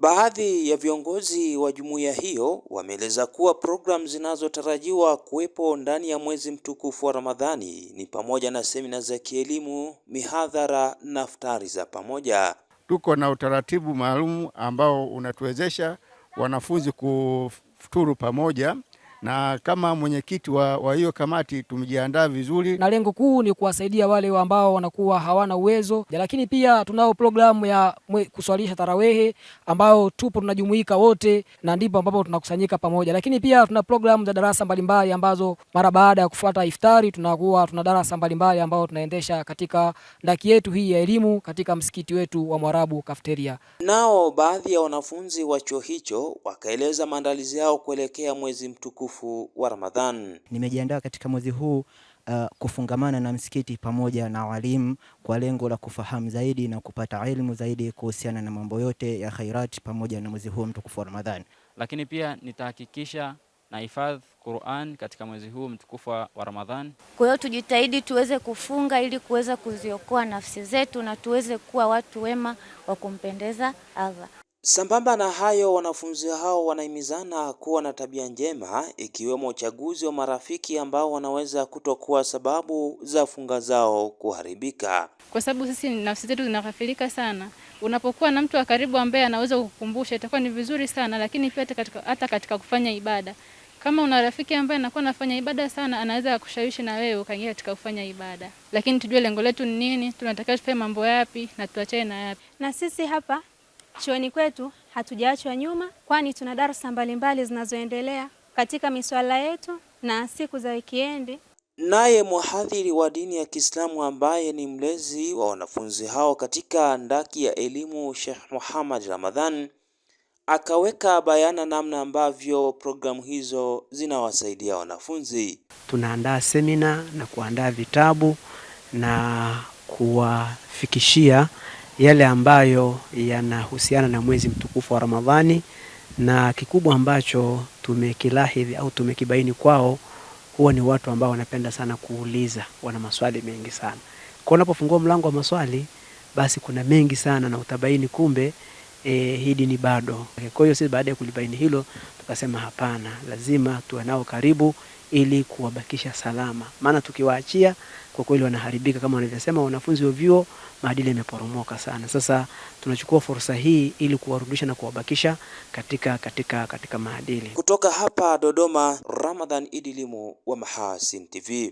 Baadhi ya viongozi wa jumuiya hiyo wameeleza kuwa programu zinazotarajiwa kuwepo ndani ya mwezi mtukufu wa Ramadhani ni pamoja na semina za kielimu, mihadhara na iftari za pamoja. Tuko na utaratibu maalum ambao unatuwezesha wanafunzi kufuturu pamoja na kama mwenyekiti wa hiyo kamati tumejiandaa vizuri, na lengo kuu ni kuwasaidia wale wa ambao wanakuwa hawana uwezo, lakini pia tunao programu ya kuswalisha tarawehe ambayo tupo tunajumuika wote, na ndipo ambapo tunakusanyika pamoja, lakini pia tuna programu za darasa mbalimbali ambazo mara baada ya kufuata iftari tunakuwa tuna darasa mbalimbali ambayo tunaendesha katika ndaki yetu hii ya elimu katika msikiti wetu wa Mwarabu Kafeteria. Nao baadhi ya wanafunzi wa chuo hicho wakaeleza maandalizi yao kuelekea mwezi mtukufu mtukufu wa Ramadhan. Nimejiandaa katika mwezi huu uh, kufungamana na msikiti pamoja na walimu kwa lengo la kufahamu zaidi na kupata elimu zaidi kuhusiana na mambo yote ya khairat pamoja na mwezi huu mtukufu wa Ramadhan. Lakini pia nitahakikisha na hifadhi Qur'an katika mwezi huu mtukufu wa Ramadhan. Kwa hiyo tujitahidi tuweze kufunga ili kuweza kuziokoa nafsi zetu na tuweze kuwa watu wema wa kumpendeza Allah. Sambamba na hayo wanafunzi hao wanahimizana kuwa na tabia njema ikiwemo uchaguzi wa marafiki ambao wanaweza kutokuwa sababu za funga zao kuharibika, kwa sababu sisi nafsi zetu zinaghafilika sana. Unapokuwa na mtu wa karibu ambaye anaweza kukukumbusha itakuwa ni vizuri sana, lakini pia hata katika kufanya ibada, kama una rafiki ambaye anakuwa anafanya ibada sana, anaweza kushawishi na wewe ukaingia katika kufanya ibada, lakini tujue lengo letu ni nini, tunatakiwa tufanye mambo yapi na tuachane na yapi. Na sisi hapa Chuoni kwetu hatujaachwa nyuma, kwani tuna darasa mbalimbali zinazoendelea katika miswala yetu na siku za wikiendi. Naye mhadhiri wa dini ya Kiislamu ambaye ni mlezi wa wanafunzi hao katika ndaki ya elimu, Sheikh Muhammad Ramadhan akaweka bayana namna ambavyo programu hizo zinawasaidia wanafunzi. Tunaandaa semina na kuandaa vitabu na kuwafikishia yale ambayo yanahusiana na mwezi mtukufu wa Ramadhani, na kikubwa ambacho tumekilahidhi au tumekibaini kwao huwa ni watu ambao wanapenda sana kuuliza, wana maswali mengi sana. Kwa unapofungua mlango wa maswali, basi kuna mengi sana na utabaini kumbe e, hii dini bado. Kwa hiyo sisi baada ya kulibaini hilo tukasema hapana, lazima tuwe nao karibu ili kuwabakisha salama, maana tukiwaachia kwa kweli wanaharibika kama wanavyosema wanafunzi wa vyuo, maadili yameporomoka sana. Sasa tunachukua fursa hii ili kuwarudisha na kuwabakisha katika, katika, katika maadili. Kutoka hapa Dodoma, Ramadhan Idilimu wa Mahasin TV.